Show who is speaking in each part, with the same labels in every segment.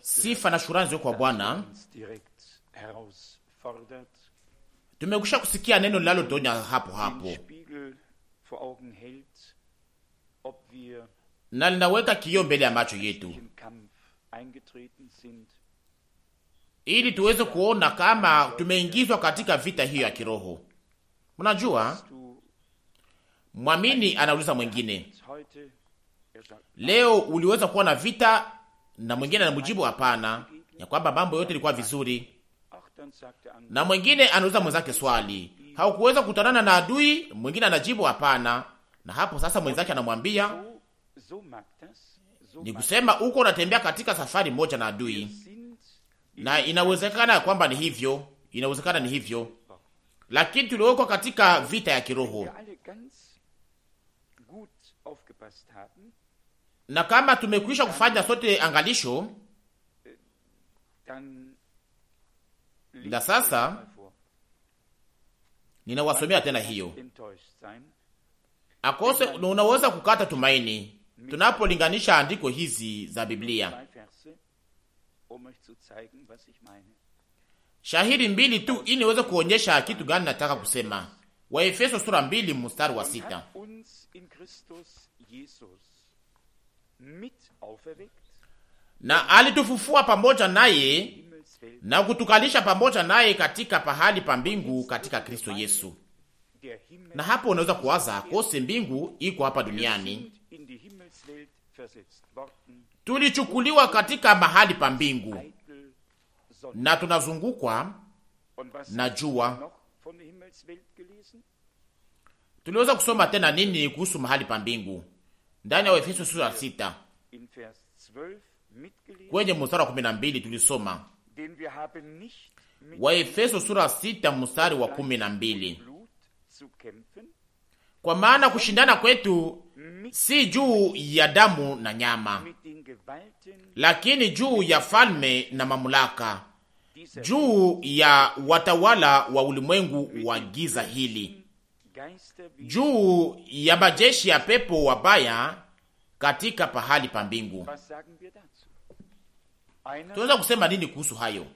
Speaker 1: Sifa na shukrani ziwe kwa Bwana.
Speaker 2: Tumekwisha kusikia neno linalotonya hapo hapo na linaweka kioo mbele ya macho yetu ili tuweze kuona kama tumeingizwa katika vita hiyo ya kiroho. Mnajua, mwamini anauliza mwingine leo uliweza kuwa na vita? Na mwingine anamjibu hapana, ya kwamba mambo yote ilikuwa vizuri. Na mwingine anauliza mwenzake swali, haukuweza kukutanana na adui? Mwingine anajibu hapana. Na hapo sasa mwenzake anamwambia ni kusema uko unatembea katika safari moja na adui, na inawezekana ya kwamba ni hivyo, inawezekana ni hivyo, lakini tuliwekwa katika vita ya kiroho na kama tumekwisha kufanya sote angalisho,
Speaker 1: na sasa
Speaker 2: ninawasomea tena hiyo akose. Unaweza kukata tumaini tunapolinganisha andiko hizi za Biblia. Um, um, Shahiri mbili tu ili niweze kuonyesha kitu gani nataka kusema. Waefeso sura mbili mstari wa sita na alitufufua pamoja naye na kutukalisha pamoja naye katika pahali pa mbingu katika Kristo Yesu. Na hapo unaweza kuwaza kose mbingu iko hapa duniani, tulichukuliwa katika mahali pa mbingu na tunazungukwa
Speaker 1: na jua.
Speaker 2: Tuliweza kusoma tena nini kuhusu mahali pa mbingu? ndani ya Waefeso sura sita kwenye mstari wa kumi na mbili tulisoma Waefeso sura sita mstari wa kumi na mbili kwa maana kushindana kwetu si juu ya damu na nyama, lakini juu ya falme na mamlaka, juu ya watawala wa ulimwengu wa giza hili juu ya majeshi ya pepo wabaya katika pahali pa mbingu. Tunaweza kusema nini kuhusu hayo?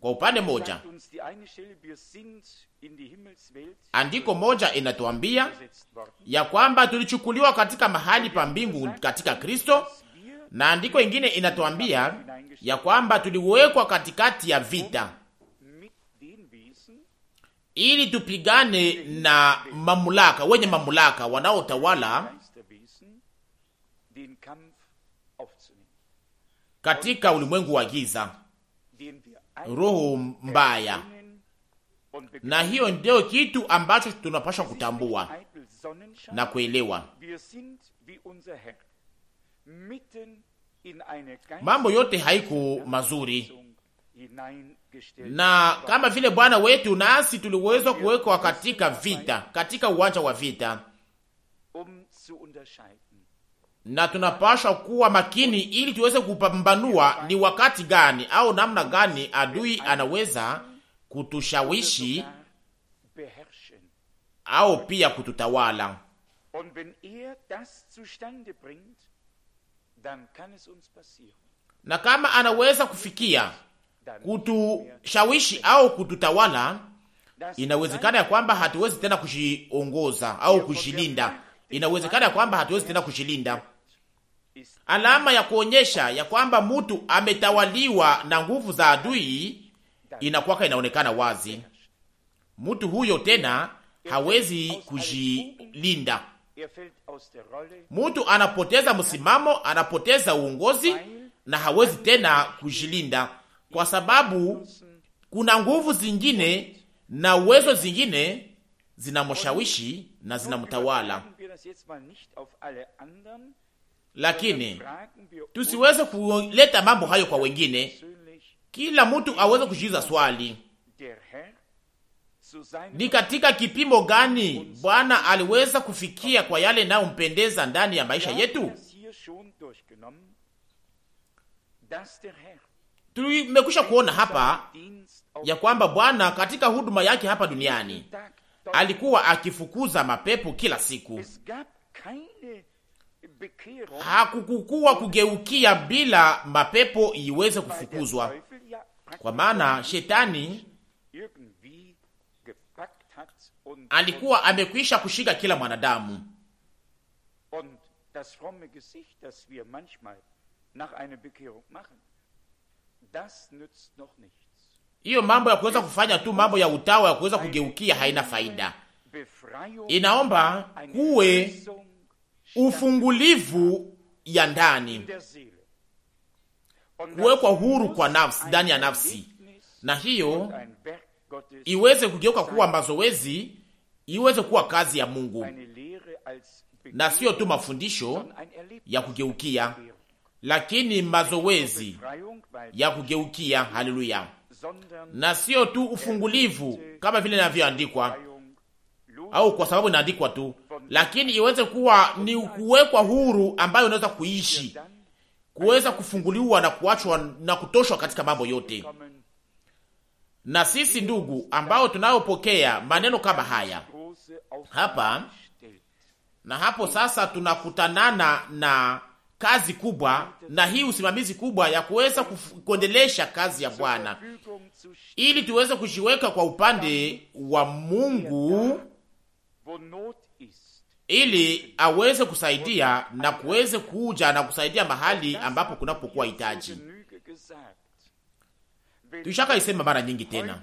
Speaker 2: Kwa upande moja, andiko moja inatuambia ya kwamba tulichukuliwa katika mahali pa mbingu katika Kristo, na andiko ingine inatuambia ya kwamba tuliwekwa katikati ya vita ili tupigane na mamlaka, wenye mamlaka wanaotawala katika ulimwengu wa giza, roho mbaya. Na hiyo ndio kitu ambacho tunapaswa kutambua
Speaker 1: na kuelewa. Mambo yote haiko
Speaker 2: mazuri na kama vile Bwana wetu nasi tuliweza kuwekwa katika vita, katika uwanja wa vita, um na tunapashwa kuwa makini um ili tuweze kupambanua ni wakati gani au namna gani adui anaweza kutushawishi au pia kututawala. Er na kama anaweza kufikia kutushawishi au kututawala, inawezekana ya kwamba hatuwezi tena kujiongoza au kujilinda. Inawezekana ya kwamba hatuwezi tena kujilinda. Alama ya kuonyesha ya kwamba mtu ametawaliwa na nguvu za adui inakwaka inaonekana wazi. Mtu huyo tena hawezi kujilinda. Mtu anapoteza msimamo, anapoteza uongozi na hawezi tena kujilinda, kwa sababu kuna nguvu zingine na uwezo zingine zinamshawishi na zinamtawala. Lakini tusiweze kuleta mambo hayo kwa wengine, kila mtu aweze kujiuliza swali, ni katika kipimo gani Bwana aliweza kufikia kwa yale inayompendeza ndani ya maisha yetu. Tumekwisha kuona hapa ya kwamba Bwana katika huduma yake hapa duniani alikuwa akifukuza mapepo kila siku. Hakukukuwa kugeukia bila mapepo iweze kufukuzwa, kwa maana shetani
Speaker 1: alikuwa amekwisha
Speaker 2: kushika kila mwanadamu.
Speaker 1: Das fromme Gesicht, das wir manchmal nach einer Bekehrung machen.
Speaker 2: Hiyo mambo ya kuweza kufanya tu mambo ya utawa ya kuweza kugeukia haina faida. Inaomba kuwe ufungulivu ya ndani, kuwekwa huru kwa nafsi, ndani ya nafsi, na hiyo iweze kugeuka kuwa mazoezi, iweze kuwa kazi ya Mungu na sio tu mafundisho ya kugeukia lakini mazoezi ya kugeukia, haleluya, na sio tu ufungulivu kama vile inavyoandikwa au kwa sababu inaandikwa tu, lakini iweze kuwa ni kuwekwa huru ambayo unaweza kuishi, kuweza kufunguliwa na kuachwa na kutoshwa katika mambo yote. Na sisi ndugu, ambao tunayopokea maneno kama haya hapa na hapo, sasa tunakutanana na kazi kubwa na hii usimamizi kubwa ya kuweza kuendelesha kazi ya Bwana ili tuweze kujiweka kwa upande wa Mungu ili aweze kusaidia na kuweze kuja na kusaidia mahali ambapo kunapokuwa hitaji. Tushaka isema mara nyingi tena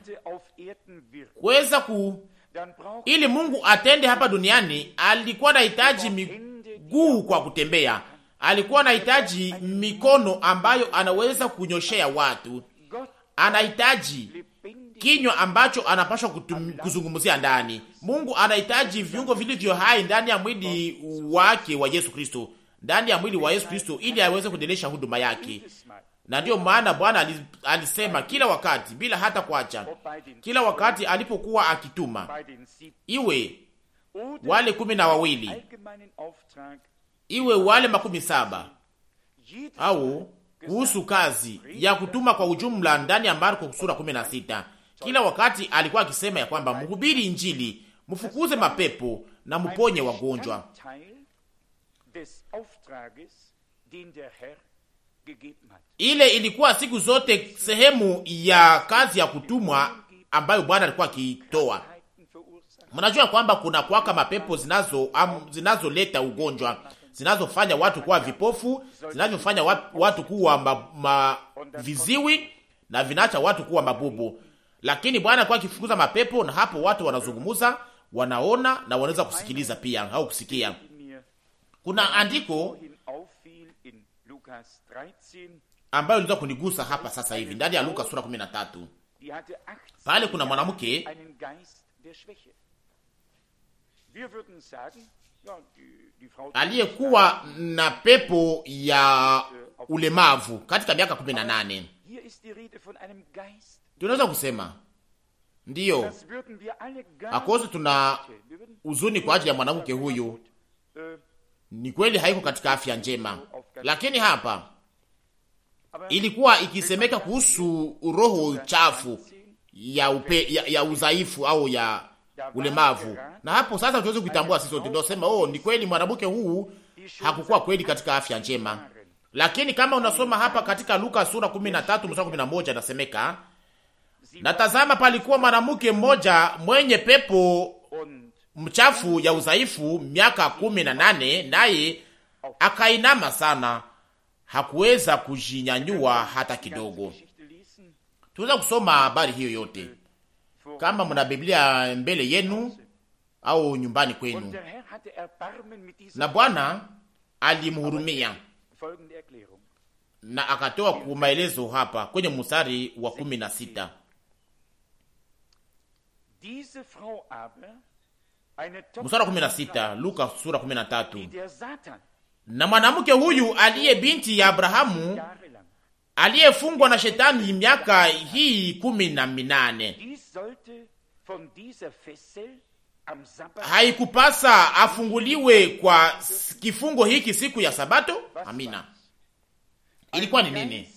Speaker 2: kuweza ku ili Mungu atende hapa duniani, alikuwa na hitaji miguu kwa kutembea alikuwa anahitaji mikono ambayo anaweza kunyoshea watu, anahitaji kinywa ambacho anapashwa kuzungumzia ndani. Mungu anahitaji viungo vilivyo hai ndani ya mwili wake wa Yesu Kristo, ndani ya mwili wa Yesu Kristo, ili aweze kuendelesha huduma yake. Na ndiyo maana Bwana alisema kila wakati, bila hata kuacha, kila wakati alipokuwa akituma, iwe
Speaker 1: wale kumi na wawili
Speaker 2: iwe wale makumi saba au kuhusu kazi ya kutuma kwa ujumla ndani ya Marko sura 16. Kila wakati alikuwa akisema ya kwamba mhubiri Injili, mfukuze mapepo na mponye wagonjwa. Ile ilikuwa siku zote sehemu ya kazi ya kutumwa ambayo Bwana alikuwa akiitoa. Mnajua kwamba kuna kwaka mapepo zinazo am, zinazoleta ugonjwa zinazofanya watu kuwa vipofu, zinazofanya watu kuwa ma, ma, viziwi na vinaacha watu kuwa mabubu. Lakini Bwana kwa akifukuza mapepo, na hapo watu wanazungumuza, wanaona na wanaweza kusikiliza pia au kusikia. Kuna andiko ambayo iliweza kunigusa hapa sasa hivi ndani ya Luka sura 13.
Speaker 1: Pale kuna mwanamke
Speaker 2: aliyekuwa na pepo ya ulemavu katika miaka kumi na nane. Tunaweza kusema ndiyo
Speaker 1: akoso, tuna
Speaker 2: huzuni kwa ajili ya mwanamke huyu, äh, ni kweli haiko katika afya njema, lakini hapa ilikuwa ikisemeka kuhusu roho chafu ya, upe, ya, ya udhaifu au ya ulemavu, na hapo sasa tuweze kuitambua sisi sote, ndio sema oh, ni kweli mwanamke huu hakukuwa kweli katika afya njema. Lakini kama unasoma hapa katika Luka sura 13 mstari 11, anasemeka natazama, palikuwa mwanamke mmoja mwenye pepo mchafu ya udhaifu miaka 18, naye akainama sana, hakuweza kujinyanyua hata kidogo. Tuweza kusoma habari hiyo yote kama mna Biblia mbele yenu au nyumbani kwenu. Na Bwana alimhurumia ah, na akatoa maelezo hapa kwenye mstari wa kumi na sita
Speaker 1: mstari wa kumi na sita
Speaker 2: Luka sura kumi na tatu na mwanamke huyu aliye binti ya Abrahamu aliyefungwa na shetani miaka hii kumi na minane. Haikupasa afunguliwe kwa kifungo hiki siku ya Sabato? Amina. Ilikuwa ni nini?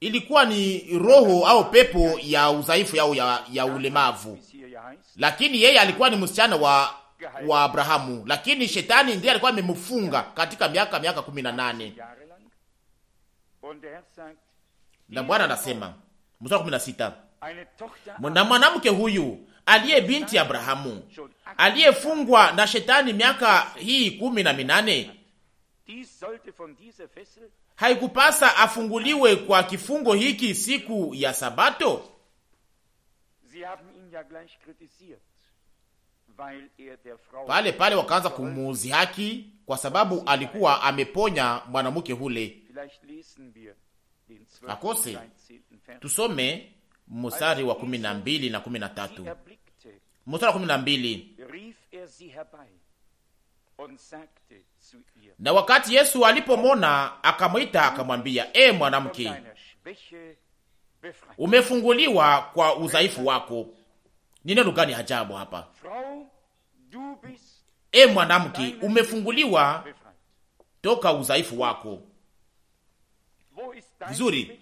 Speaker 2: Ilikuwa ni roho au pepo ya udhaifu au ya, ya, ulemavu, lakini yeye alikuwa ni msichana wa, wa Abrahamu, lakini shetani ndiye alikuwa amemfunga katika miaka miaka kumi na nane na Bwana anasema mstari na mwanamke huyu aliye binti Abrahamu aliyefungwa na shetani miaka hii kumi na minane haikupasa afunguliwe kwa kifungo hiki siku ya Sabato?
Speaker 1: Er pale pale wakaanza
Speaker 2: kumuuzi haki kwa sababu alikuwa ameponya mwanamke hule. Akose tusome mstari wa kumi na mbili na kumi na tatu. Mstari wa kumi na mbili na wakati Yesu alipomona akamwita, akamwambia, e mwanamke, umefunguliwa kwa udhaifu wako. Ni neno gani ajabu hapa? E mwanamke, umefunguliwa toka udhaifu wako. Vizuri.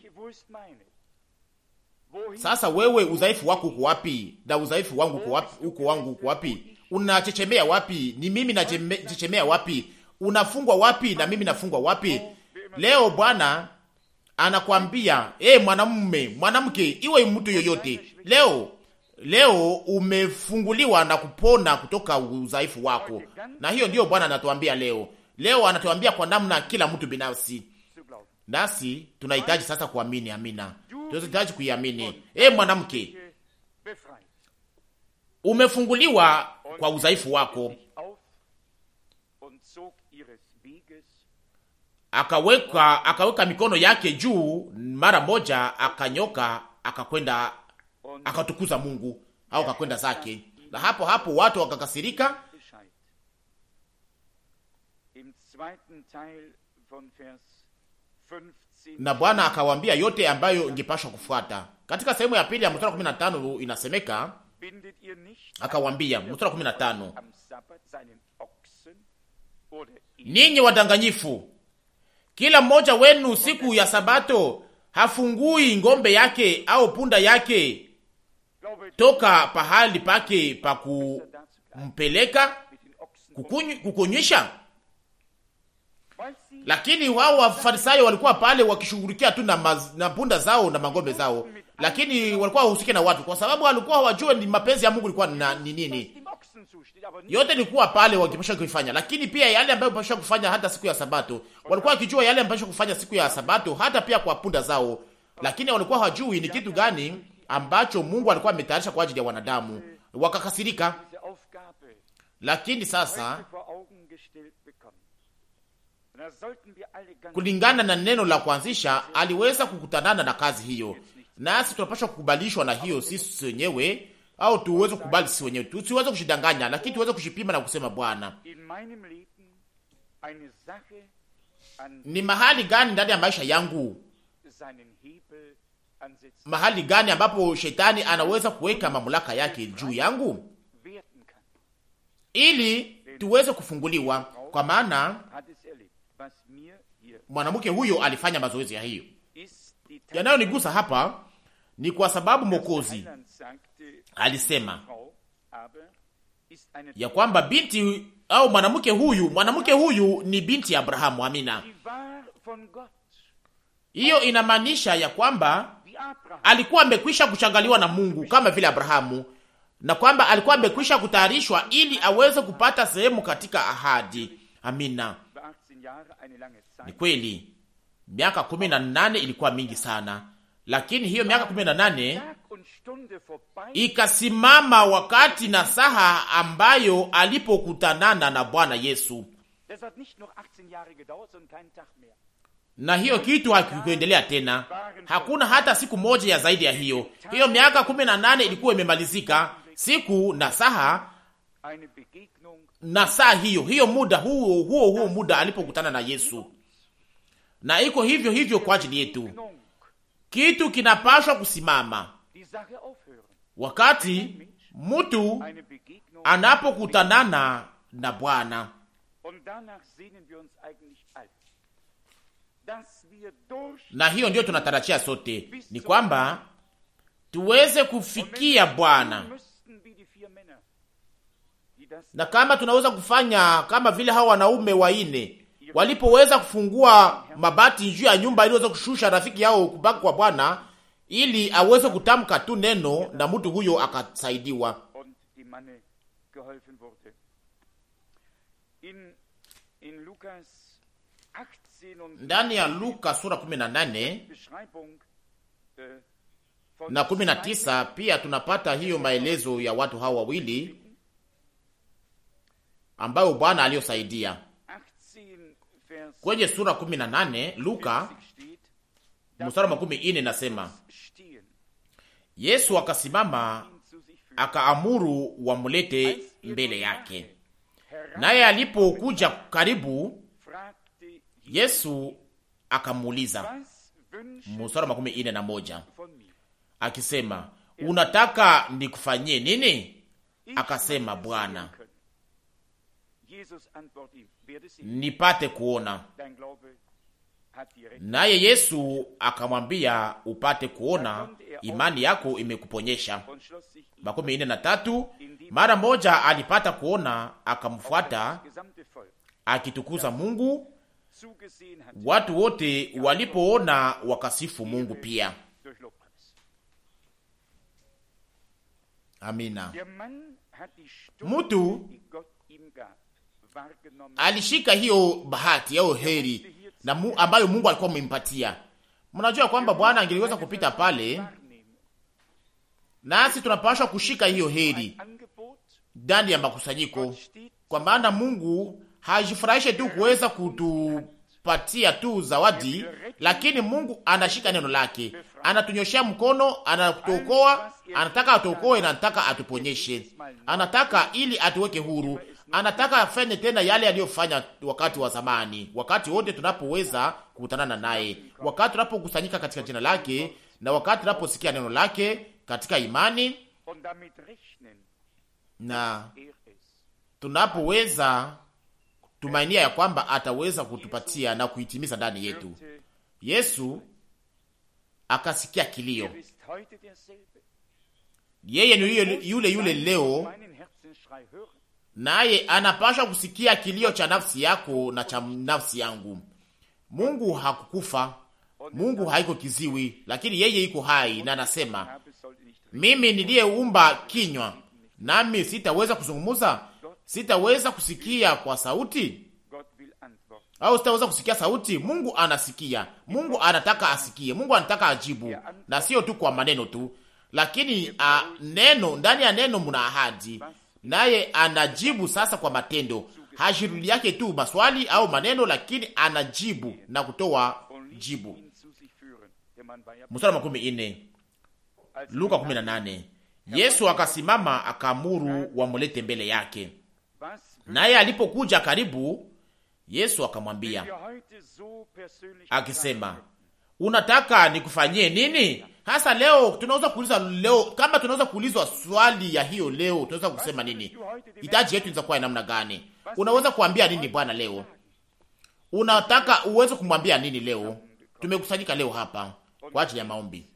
Speaker 2: Sasa wewe udhaifu wako uko wapi? Na udhaifu wangu uko wapi? Uko wangu uko wapi? Unachechemea wapi? Ni mimi nachechemea wapi? Unafungwa wapi? Na mimi nafungwa wapi? Leo Bwana anakwambia, eh, mwanamume, mwanamke, iwe mtu yoyote. Leo leo umefunguliwa na kupona kutoka udhaifu wako, na hiyo ndiyo Bwana anatuambia leo. Leo anatuambia kwa namna kila mtu binafsi, nasi tunahitaji sasa kuamini. Amina, tunahitaji kuiamini. E mwanamke, umefunguliwa kwa udhaifu wako. Akaweka akaweka mikono yake juu, mara moja akanyoka, akakwenda akatukuza Mungu au kakwenda zake, na hapo hapo watu wakakasirika. Na Bwana akawaambia yote ambayo ingepashwa kufuata. Katika sehemu ya pili ya mstari tano inasemeka akawambia mstari tano ninyi wadanganyifu, kila mmoja wenu siku ya Sabato hafungui ngombe yake au punda yake toka pahali pake pa kumpeleka kukunywesha. Lakini wao wafarisayo walikuwa pale wakishughulikia tu na punda zao na mang'ombe zao, lakini walikuwa wahusike na watu, kwa sababu walikuwa hawajue ni mapenzi ya Mungu ilikuwa ni nini. Yote ilikuwa pale wakipasha kuifanya, lakini pia yale ambayo pasha kufanya hata siku ya Sabato, walikuwa wakijua yale ambayo pasha kufanya siku ya Sabato, hata pia kwa punda zao, lakini walikuwa hawajui ni kitu gani ambacho Mungu alikuwa ametayarisha kwa ajili ya wanadamu, wakakasirika. Lakini sasa kulingana na neno la kuanzisha, aliweza kukutanana na kazi hiyo, nasi tunapaswa kukubalishwa na hiyo sisi wenyewe, au tuweze kukubali sisi wenyewe, tusiweze kushidanganya, lakini tuweze kushipima na kusema, Bwana, ni mahali gani ndani ya maisha yangu mahali gani ambapo shetani anaweza kuweka mamlaka yake juu yangu ili tuweze kufunguliwa, kwa maana mwanamke huyo alifanya mazoezi ya hiyo. Yanayonigusa hapa ni kwa sababu Mokozi alisema ya kwamba binti au mwanamke huyu, mwanamke huyu ni binti ya Abrahamu. Amina, hiyo inamaanisha ya kwamba alikuwa amekwisha kuchangaliwa na Mungu kama vile Abrahamu, na kwamba alikuwa amekwisha kutayarishwa ili aweze kupata sehemu katika ahadi. Amina. Ni kweli miaka kumi na nane ilikuwa mingi sana, lakini hiyo miaka kumi na nane ikasimama wakati na saha ambayo alipokutanana na Bwana Yesu na hiyo kitu hakikuendelea tena, hakuna hata siku moja ya zaidi ya hiyo. Hiyo miaka kumi na nane ilikuwa imemalizika siku na saha na saa hiyo hiyo, muda huo huo huo muda alipokutana na Yesu, na iko hivyo hivyo kwa ajili yetu. Kitu kinapashwa kusimama wakati mtu anapokutanana na Bwana na hiyo ndiyo tunatarajia sote, ni kwamba tuweze kufikia Bwana, na kama tunaweza kufanya kama vile hao wanaume waine walipoweza kufungua mabati juu ya nyumba ili waweze kushusha rafiki yao kubaki kwa Bwana, ili aweze kutamka tu neno na mtu huyo akasaidiwa.
Speaker 1: In, in Lukas ndani ya
Speaker 2: Luka sura 18
Speaker 1: na 19
Speaker 2: pia tunapata hiyo maelezo ya watu hao wawili ambayo Bwana aliyosaidia kwenye sura 18 Luka mstari makumi ine nasema, Yesu akasimama akaamuru wamulete mbele yake, naye alipokuja karibu Yesu akamuuliza mstari makumi ine na moja akisema, unataka nikufanyie nini? Akasema, Bwana, nipate kuona. Naye Yesu akamwambia, upate kuona, imani yako imekuponyesha. makumi ine na tatu. Mara moja alipata kuona, akamfuata akitukuza Mungu watu wote walipoona wakasifu Mungu pia. Amina. Mtu alishika hiyo bahati au heri na mu, ambayo Mungu alikuwa amempatia. Mnajua kwamba Bwana angeliweza kupita pale, nasi tunapashwa kushika hiyo heri ndani ya makusanyiko, kwa maana Mungu hajifurahishe tu kuweza kutupatia tu zawadi, lakini Mungu anashika neno lake, anatunyoshea mkono, anatuokoa, anataka atuokoe na anataka atuponyeshe, anataka ili atuweke huru, anataka afanye tena yale aliyofanya wakati wa zamani, wakati wote tunapoweza kukutanana naye, wakati tunapokusanyika katika jina lake na wakati tunaposikia neno lake katika imani na tunapoweza tumainia ya kwamba ataweza kutupatia na kuitimiza ndani yetu. Yesu akasikia kilio, yeye ni yule yule, yule leo naye anapashwa kusikia kilio cha nafsi yako na cha nafsi yangu. Mungu hakukufa, Mungu haiko kiziwi, lakini yeye iko hai na anasema, mimi niliyeumba kinywa nami sitaweza kuzungumuza sitaweza kusikia kwa sauti au sitaweza kusikia sauti. Mungu anasikia, Mungu anataka asikie, Mungu anataka ajibu, na sio tu kwa maneno tu, lakini a, ah, neno ndani ya neno muna ahadi, naye anajibu sasa kwa matendo. Hashirudi yake tu maswali au maneno, lakini anajibu na kutoa jibu. Mstari makumi nne Luka Yesu akasimama akaamuru wamulete mbele yake Naye alipokuja karibu, Yesu akamwambia akisema, unataka nikufanyie nini hasa leo? Tunaweza kuuliza leo, kama tunaweza kuulizwa swali ya hiyo leo, tunaweza kusema nini? Hitaji yetu inaweza kuwa ya namna gani? Unaweza kuambia nini Bwana leo? Unataka uweze kumwambia nini leo? Tumekusanyika leo hapa kwa ajili ya maombi,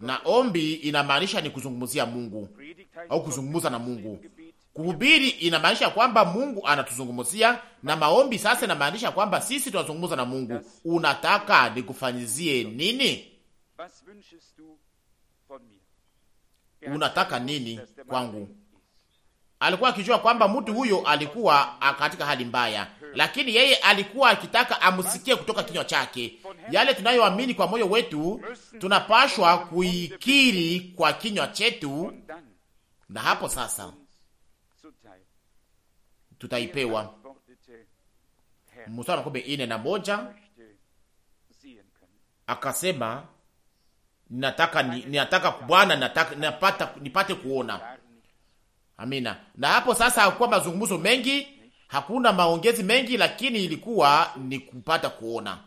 Speaker 2: na ombi inamaanisha ni kuzungumzia Mungu au kuzungumza na Mungu. Kuhubiri inamaanisha kwamba Mungu anatuzungumzia, na maombi sasa inamaanisha kwamba sisi tunazungumza na Mungu. Unataka nikufanyizie nini? Unataka nini kwangu? Alikuwa akijua kwamba mtu huyo alikuwa katika hali mbaya, lakini yeye alikuwa akitaka amsikie kutoka kinywa chake. Yale tunayoamini kwa moyo wetu tunapashwa kuikiri kwa kinywa chetu, na hapo sasa tutaipewa. Mstari makumi ine na moja akasema, ninataka ninataka Bwana, nataka napata nipate kuona. Amina. Na hapo sasa hakuwa mazungumzo mengi, hakuna maongezi mengi, lakini ilikuwa ni kupata kuona.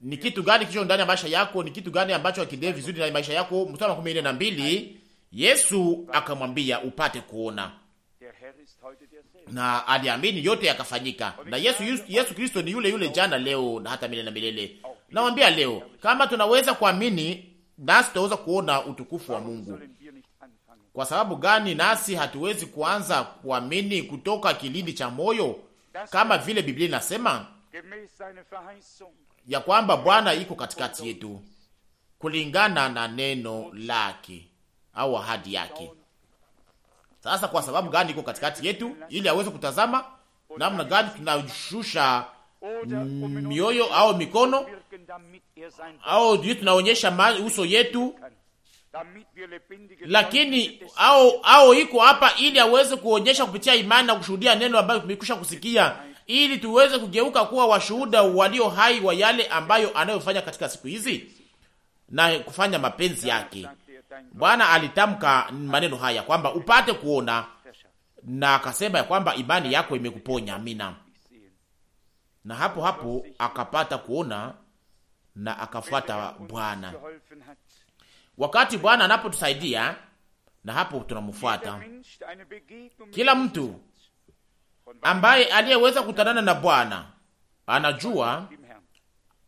Speaker 2: Ni kitu gani kilicho ndani ya maisha yako? Ni kitu gani ambacho hakidei vizuri na maisha yako? Mstari makumi ine na mbili Yesu akamwambia, upate kuona na aliamini, yote yakafanyika. Na Yesu, Yesu Kristo ni yule yule jana, leo na hata milele na milele. Nawambia leo, kama tunaweza kuamini, nasi tunaweza kuona utukufu wa Mungu. Kwa sababu gani nasi hatuwezi kuanza kuamini kutoka kilindi cha moyo,
Speaker 3: kama vile Biblia
Speaker 2: inasema ya kwamba Bwana iko katikati yetu kulingana na neno lake au ahadi yake. Sasa kwa sababu gani iko katikati yetu, ili aweze kutazama namna gani tunashusha mioyo au mikono au juu tunaonyesha uso yetu, lakini au au iko hapa ili aweze kuonyesha kupitia imani na kushuhudia neno ambayo tumekwisha kusikia, ili tuweze kugeuka kuwa washuhuda walio hai wa yale ambayo anayofanya katika siku hizi na kufanya mapenzi yake. Bwana alitamka maneno haya kwamba upate kuona, na akasema ya kwamba imani yako imekuponya. Amina. Na hapo hapo akapata kuona na akafuata Bwana. Wakati Bwana anapotusaidia, na hapo tunamfuata. Kila mtu ambaye aliyeweza kutanana na Bwana anajua,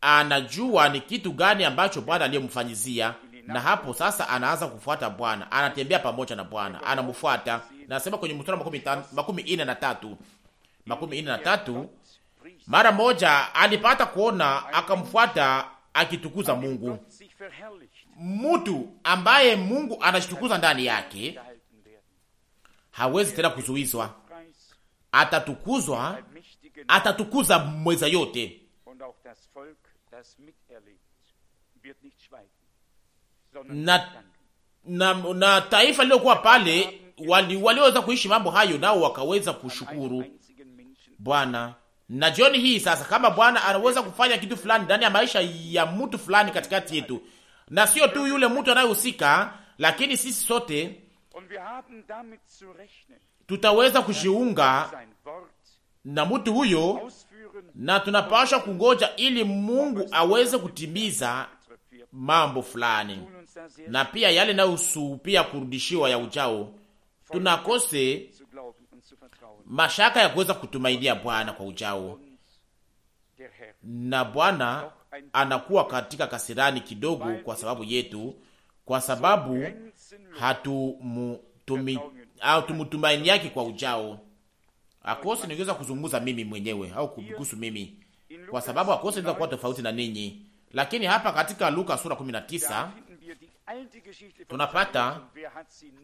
Speaker 2: anajua ni kitu gani ambacho Bwana aliyemfanyizia na hapo sasa anaanza kufuata Bwana, anatembea pamoja na Bwana, anamfuata. Nasema kwenye mstari makumi ine na tatu makumi ine na tatu mara moja alipata kuona, akamfuata akitukuza Mungu. Mtu ambaye Mungu anashitukuza ndani yake hawezi tena kuzuizwa, atatukuzwa, atatukuza mweza yote na, na, na taifa lililokuwa pale waliweza wali kuishi mambo hayo, nao wakaweza kushukuru Bwana. Na jioni hii sasa, kama Bwana anaweza kufanya kitu fulani ndani ya maisha ya mtu fulani katikati yetu, na sio tu yule mtu anayehusika, lakini sisi sote tutaweza kujiunga na mtu huyo, na tunapashwa kungoja ili Mungu aweze kutimiza mambo fulani, na pia yale yanayohusu pia kurudishiwa ya ujao, tunakose mashaka ya kuweza kutumainia Bwana kwa ujao, na Bwana anakuwa katika kasirani kidogo kwa sababu yetu, kwa sababu hatumutumaini yake kwa ujao. Akosi niweza kuzunguza mimi mwenyewe au kuhusu mimi, kwa sababu akose niweza kuwa tofauti na ninyi lakini hapa katika Luka sura 19
Speaker 3: tunapata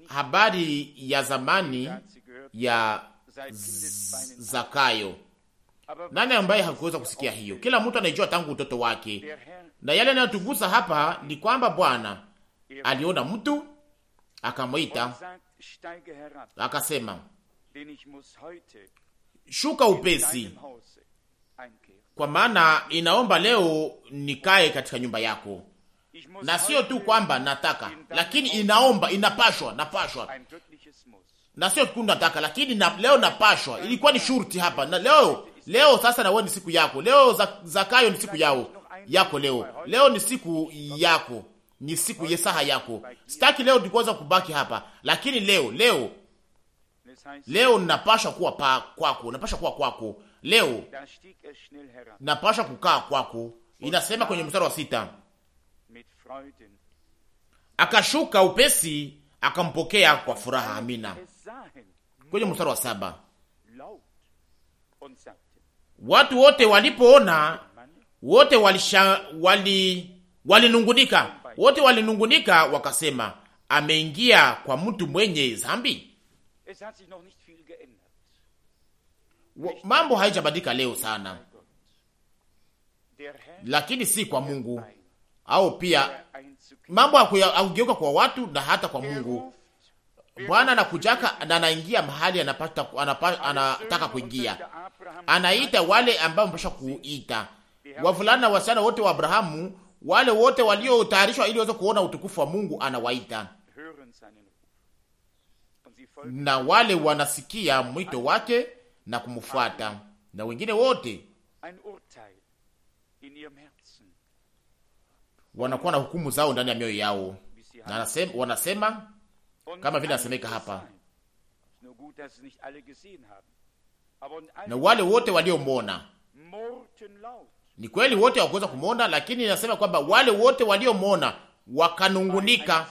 Speaker 2: habari ya zamani ya Zakayo. Nani ambaye hakuweza kusikia hiyo? Kila mtu anaijua tangu utoto wake, na yale yanayotugusa hapa ni kwamba Bwana er aliona mtu akamwita, akasema, shuka upesi kwa maana inaomba leo nikae katika nyumba yako, na sio tu kwamba nataka, lakini inaomba, inapashwa, napashwa na sio tu nataka, lakini na, leo napashwa. Ilikuwa ni shurti hapa na leo. Leo sasa nawe ni siku yako leo, Zakayo ni siku yao yako leo, leo ni siku yako, ni siku saha yako. Sitaki leo nikuweza kubaki hapa, lakini leo leo leo napashwa kuwa pa kwako, napashwa kuwa kwako leo napasha kukaa kwako. Inasema kwenye mstari wa sita, akashuka upesi akampokea kwa furaha. Amina. Kwenye mstari wa saba, watu wote walipoona wote walisha, wali walinungunika wote walinungunika, wakasema ameingia kwa mtu mwenye zambi mambo haijabadilika leo sana, lakini si kwa Mungu au pia mambo akugeuka kwa watu na hata kwa Mungu. Bwana anakujaka na anaingia mahali anapata, anataka kuingia, anaita wale ambao mpasha kuita wavulana wasichana wote wa Abrahamu, wale wote waliotayarishwa ili waweze kuona utukufu wa Mungu, anawaita na wale wanasikia mwito wake na kumfuata na wengine wote wanakuwa na hukumu zao ndani ya mioyo yao, na anasema, wanasema kama vile anasemeka hapa,
Speaker 1: na wale wote waliomwona.
Speaker 2: Ni kweli wote hawakuweza kumwona, lakini inasema kwamba wale wote waliomwona wakanungunika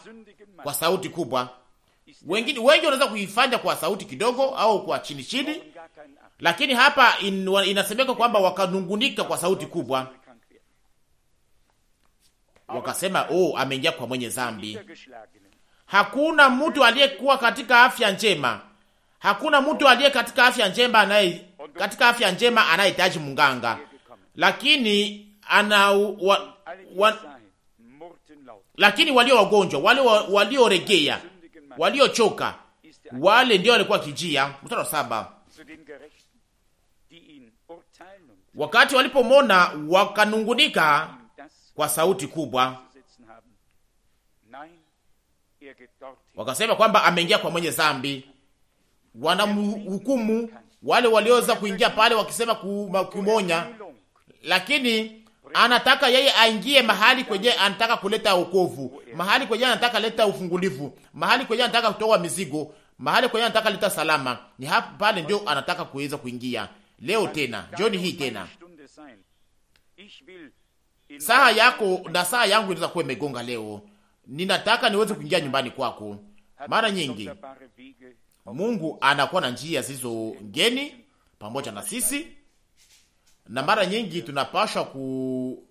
Speaker 2: kwa sauti kubwa wengine wengi wanaweza kuifanya kwa sauti kidogo au kwa chini chini, lakini hapa in, inasemeka kwamba wakanungunika kwa sauti kubwa, wakasema oh, ameingia kwa mwenye zambi. Hakuna mtu aliyekuwa katika afya njema, hakuna mtu aliye katika afya njema anaye katika afya njema anayehitaji munganga, lakini ana wa, wa, lakini walio wagonjwa, walio walioregea waliochoka wale ndio walikuwa kijia. Mstari wa saba, wakati walipomona wakanungunika kwa sauti kubwa, er wakasema kwamba ameingia kwa mwenye zambi Wanamhukumu er wale walioweza kuingia pale, wakisema kumonya, er lakini anataka yeye aingie mahali kwenye anataka kuleta wokovu, mahali kwenye anataka leta ufungulivu, mahali kwenye anataka kutoa mizigo, mahali kwenye anataka leta salama. Ni hapa pale ndio anataka kuweza kuingia leo tena, jioni hii tena. Saa yako na saa yangu inaweza kuwa imegonga leo. Ninataka niweze kuingia nyumbani kwako. Mara nyingi Mungu anakuwa na njia zilizo ngeni pamoja na sisi na mara nyingi tunapashwa ku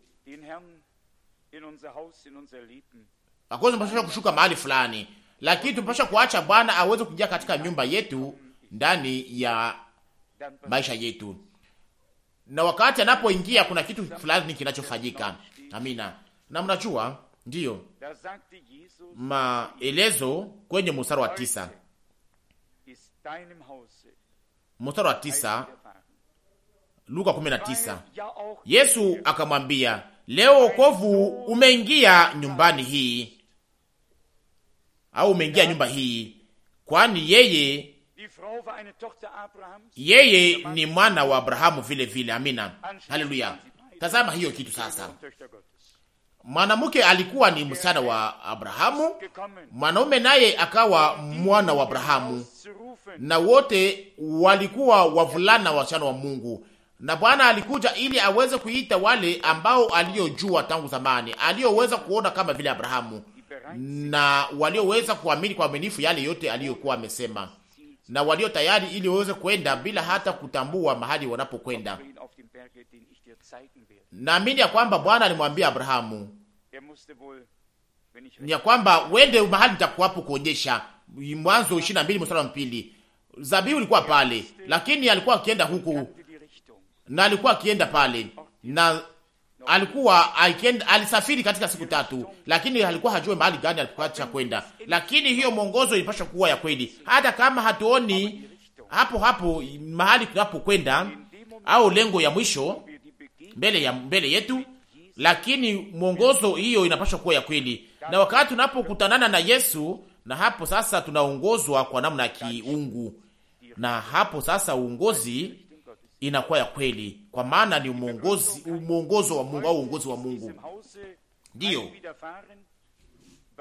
Speaker 2: akozi tunapashwa kushuka mahali fulani, lakini tunapashwa kuacha Bwana aweze kuingia katika nyumba yetu ndani ya maisha yetu, na wakati anapoingia kuna kitu fulani kinachofanyika. Amina. Na mnajua ndiyo maelezo kwenye mstari wa tisa mstari wa tisa Luka 19. Yesu akamwambia, leo wokovu umeingia nyumbani hii au umeingia nyumba hii, kwani yeye yeye ni mwana wa Abrahamu vile vile. Amina, haleluya. Tazama hiyo kitu sasa. Mwanamke alikuwa ni msichana wa Abrahamu, mwanaume naye akawa mwana wa Abrahamu, na wote walikuwa wavulana wasichana wa Mungu na Bwana alikuja ili aweze kuita wale ambao aliyojua tangu zamani, aliyoweza kuona kama vile Abrahamu na walioweza kuamini kwa uaminifu yale yote aliyokuwa amesema, na walio tayari ili waweze kwenda bila hata kutambua mahali wanapokwenda. Naamini ya kwamba Bwana alimwambia Abrahamu ya kwamba wende mahali nitakuwapo kuonyesha, Mwanzo 22 mstari wa pili. Zabihu ilikuwa pale, lakini alikuwa akienda huku na alikuwa akienda pale na alikuwa akienda, alisafiri katika siku tatu, lakini alikuwa hajue mahali gani alikuacha kwenda. Lakini hiyo mwongozo ilipasha kuwa ya kweli, hata kama hatuoni hapo hapo mahali tunapokwenda au lengo ya mwisho mbele ya mbele yetu, lakini mwongozo hiyo inapaswa kuwa ya kweli, na wakati tunapokutanana na Yesu, na hapo sasa tunaongozwa kwa namna ya kiungu, na hapo sasa uongozi inakuwa ya kweli, kwa maana ni mwongozo wa Mungu au uongozi wa Mungu. Ndiyo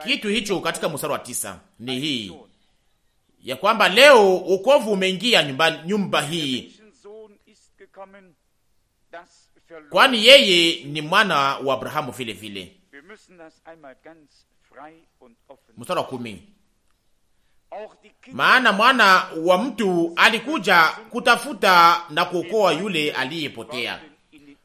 Speaker 2: kitu hicho katika mstari wa tisa ni hii ya kwamba leo ukovu umeingia nyumba, nyumba hii, kwani yeye ni mwana wa Abrahamu vile vile. Mstari wa kumi maana mwana wa mtu alikuja kutafuta na kuokoa yule aliyepotea.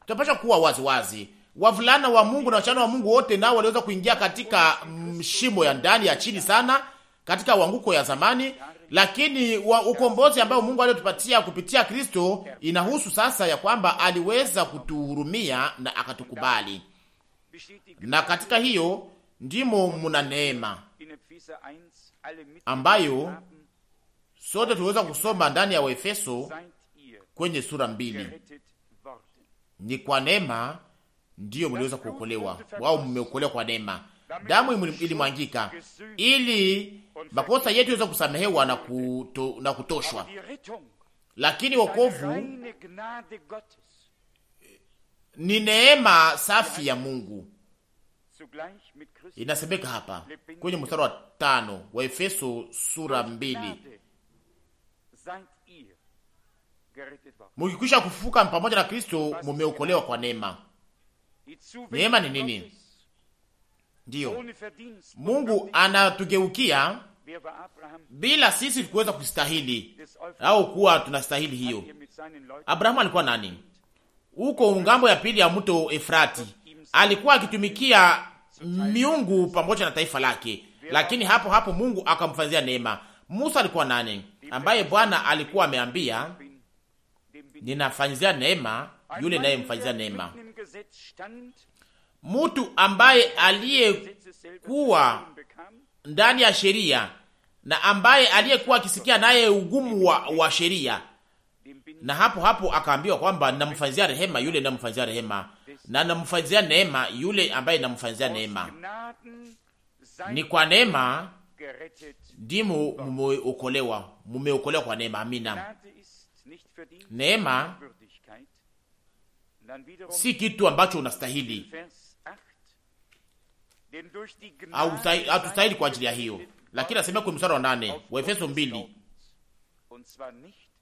Speaker 2: Tunapasha kuwa waziwazi wazi. Wavulana wa Mungu na wasichana wa Mungu wote nao waliweza kuingia katika mshimo ya ndani ya chini sana katika wanguko ya zamani, lakini wa ukombozi ambao Mungu aliotupatia kupitia Kristo inahusu sasa ya kwamba aliweza kutuhurumia na akatukubali, na katika hiyo ndimo muna neema ambayo sote tuweza kusoma ndani ya Waefeso kwenye sura mbili. Ni kwa neema ndiyo mliweza kuokolewa, au mmeokolewa kwa neema. Damu ilimwangika ili makosa yetu iweze kusamehewa na, kuto, na kutoshwa. Lakini wokovu ni neema safi ya Mungu Inasemeka hapa kwenye mstari wa tano wa Efeso sura mbili, mukikwisha kufufuka pamoja na Kristo mumeokolewa kwa neema. Neema ni nini? Ndiyo, Mungu anatugeukia bila sisi kuweza kustahili au kuwa tunastahili hiyo. Abrahamu alikuwa nani? Huko ngambo ya pili ya mto Efrati alikuwa akitumikia miungu pamoja na taifa lake, lakini hapo hapo Mungu akamfanyia neema. Musa alikuwa nani ambaye Bwana alikuwa ameambia, ninafanyizia neema yule naye mfanyizia neema, mtu ambaye aliyekuwa ndani ya sheria na ambaye aliyekuwa akisikia naye ugumu wa, wa sheria, na hapo hapo akaambiwa kwamba namfanyizia rehema yule namfanyizia rehema na namfanyizia neema yule ambaye namfanyizia neema. Ni kwa neema ndimo mumeokolewa, mumeokolewa kwa neema. Amina.
Speaker 1: Neema si kitu ambacho unastahili,
Speaker 2: hatustahili kwa ajili ya hiyo, lakini asemea kwenye mstari wa nane wa Efeso mbili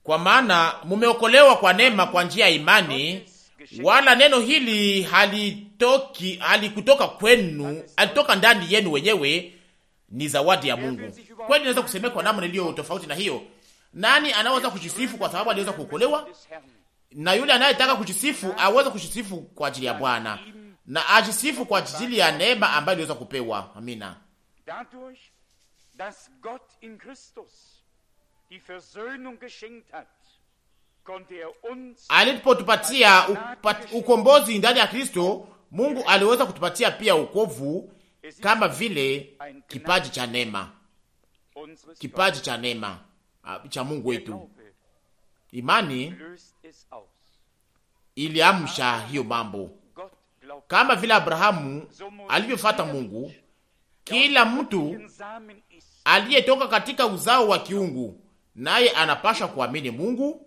Speaker 2: kwa maana mumeokolewa kwa neema kwa njia ya imani wala neno hili halitoki halikutoka kwenu, alitoka ndani yenu wenyewe, ni zawadi ya Mungu. Kweli naweza kusemea kwa namna iliyo tofauti na hiyo. Nani anaweza kujisifu kwa sababu aliweza kuokolewa? Na yule anayetaka kujisifu aweze kujisifu kwa ajili ya Bwana na ajisifu kwa ajili ya neema ambayo iliweza kupewa. Amina alipotupatia ukombozi ndani ya Kristo, Mungu aliweza kutupatia pia ukovu kama vile kipaji cha neema, kipaji cha neema ah, cha Mungu wetu. Imani iliamsha hiyo mambo, kama vile Abrahamu alivyofuata Mungu. Kila mtu er aliyetoka katika uzao wa kiungu naye anapasha kuamini Mungu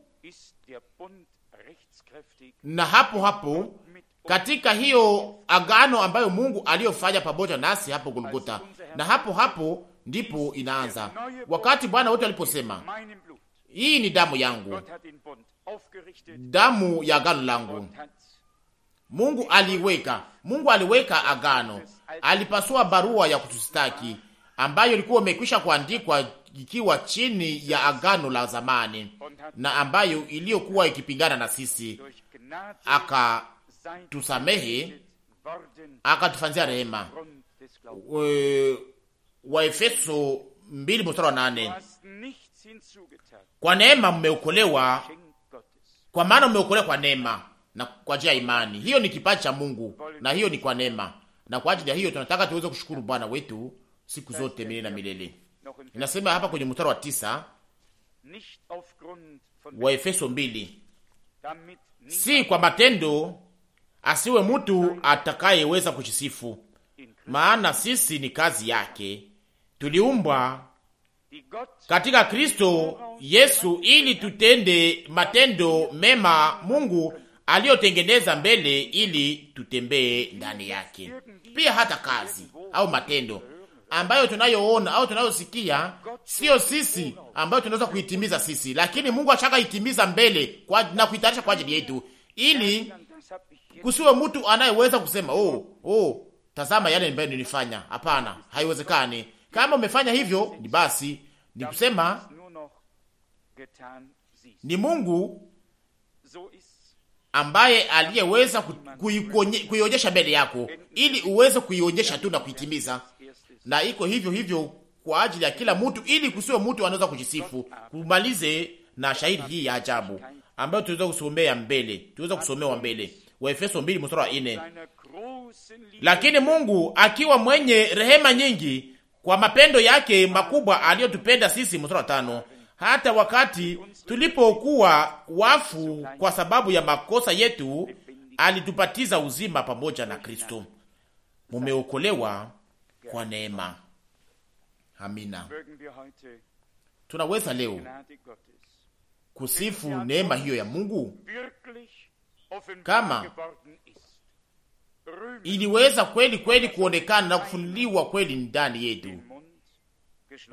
Speaker 2: na hapo hapo katika hiyo agano ambayo Mungu aliyofanya pamoja nasi hapo Golgota, na hapo hapo ndipo inaanza wakati Bwana wetu aliposema, hii ni damu yangu, damu ya agano langu. Mungu aliweka, Mungu aliweka agano, alipasua barua ya kutustaki ambayo ilikuwa imekwisha kuandikwa ikiwa chini ya agano la zamani na ambayo iliyokuwa ikipingana na sisi,
Speaker 3: akatusamehe
Speaker 2: akatufanzia rehema. Waefeso mbili mstari wa nane. Kwa neema mmeokolewa, kwa maana mmeokolewa kwa neema na kwa njia ya imani. Hiyo ni kipaji cha Mungu na hiyo ni kwa neema, na kwa ajili ya hiyo tunataka tuweze kushukuru Bwana wetu siku zote milele na milele. Inasema hapa kwenye mstari wa tisa wa Efeso mbili, si kwa matendo asiwe mtu atakayeweza kuchisifu, maana sisi ni kazi yake, tuliumbwa katika Kristo Yesu ili tutende matendo mema Mungu aliyotengeneza mbele, ili tutembee ndani yake. Pia hata kazi au matendo ambayo tunayoona au tunayosikia, sio sisi ambayo tunaweza kuitimiza sisi, lakini Mungu ashaka itimiza mbele kwa, na kuitarisha kwa ajili yetu, ili kusiwe mtu anayeweza kusema oh, oh, tazama yale ambayo nilifanya. Hapana, haiwezekani. Kama umefanya hivyo, ni basi ni kusema ni Mungu ambaye aliyeweza kuionyesha mbele yako, ili uweze kuionyesha tu na kuitimiza na iko hivyo hivyo kwa ajili ya kila mtu, ili kusiwe mtu anaweza kujisifu. Kumalize na shahidi hii ya ajabu ambayo tuweza kusomea mbele, tuweza kusomewa mbele, Waefeso 2 mstari wa 4. Lakini Mungu akiwa mwenye rehema nyingi, kwa mapendo yake makubwa aliyotupenda sisi, mstari wa 5, hata wakati tulipokuwa wafu kwa sababu ya makosa yetu, alitupatiza uzima pamoja na Kristo. Mumeokolewa kwa neema. Amina. Tunaweza leo kusifu neema hiyo ya Mungu kama iliweza kweli kweli kuonekana na kufunuliwa kweli ndani yetu,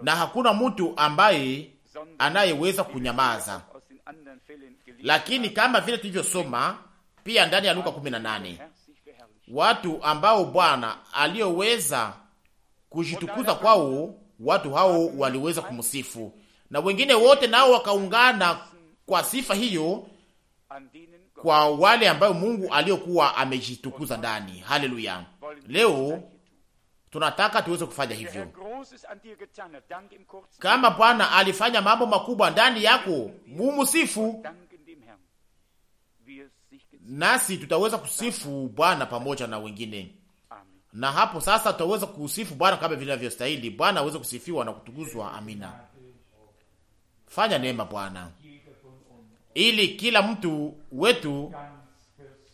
Speaker 2: na hakuna mtu ambaye anayeweza kunyamaza. Lakini kama vile tulivyosoma pia ndani ya Luka 18 watu ambao Bwana aliyoweza kujitukuza kwao watu hao waliweza kumsifu, na wengine wote nao wakaungana kwa sifa hiyo kwa wale ambayo Mungu aliyokuwa amejitukuza ndani. Haleluya! Leo tunataka tuweze kufanya hivyo. Kama Bwana alifanya mambo makubwa ndani yako, mumusifu, nasi tutaweza kusifu Bwana pamoja na wengine na hapo sasa tutaweza kusifu Bwana kama vile inavyostahili. Bwana aweze kusifiwa na kutukuzwa, amina. Fanya neema Bwana, ili kila mtu wetu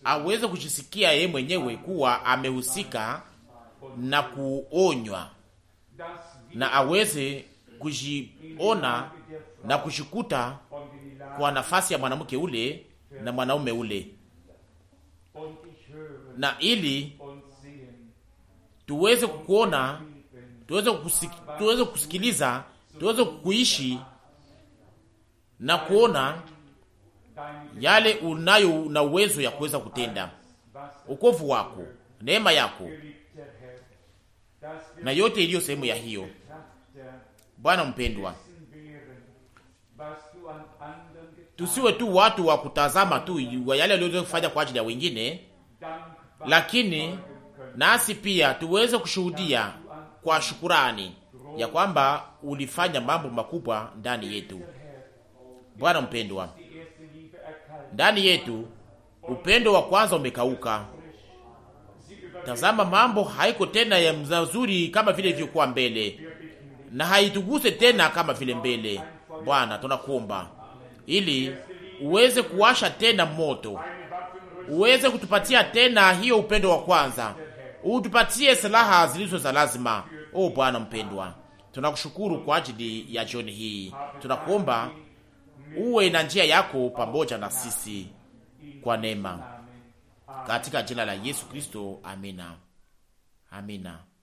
Speaker 2: aweze kujisikia yeye mwenyewe kuwa amehusika na kuonywa na aweze kujiona na kushikuta kwa nafasi ya mwanamke ule na mwanaume ule, na ili tuweze kukuona, tuweze kusik, tuweze kusikiliza, tuweze kuishi na kuona yale unayo na uwezo ya kuweza kutenda, ukovu wako, neema yako na yote iliyo sehemu ya hiyo. Bwana mpendwa, tusiwe tu watu wa kutazama tu yale walioweza kufanya kwa ajili ya wengine, lakini nasi pia tuweze kushuhudia kwa shukurani ya kwamba ulifanya mambo makubwa ndani yetu. Bwana mpendwa, ndani yetu upendo wa kwanza umekauka. Tazama, mambo haiko tena ya mzazuri kama vile ilivyokuwa mbele, na haituguse tena kama vile mbele. Bwana, tunakuomba ili uweze kuwasha tena moto, uweze kutupatia tena hiyo upendo wa kwanza utupatie silaha zilizo za lazima. O Bwana mpendwa, tunakushukuru kwa ajili ya jioni hii, tunakuomba uwe na njia yako pamoja na sisi kwa neema, katika jina la Yesu Kristo, amina, amina.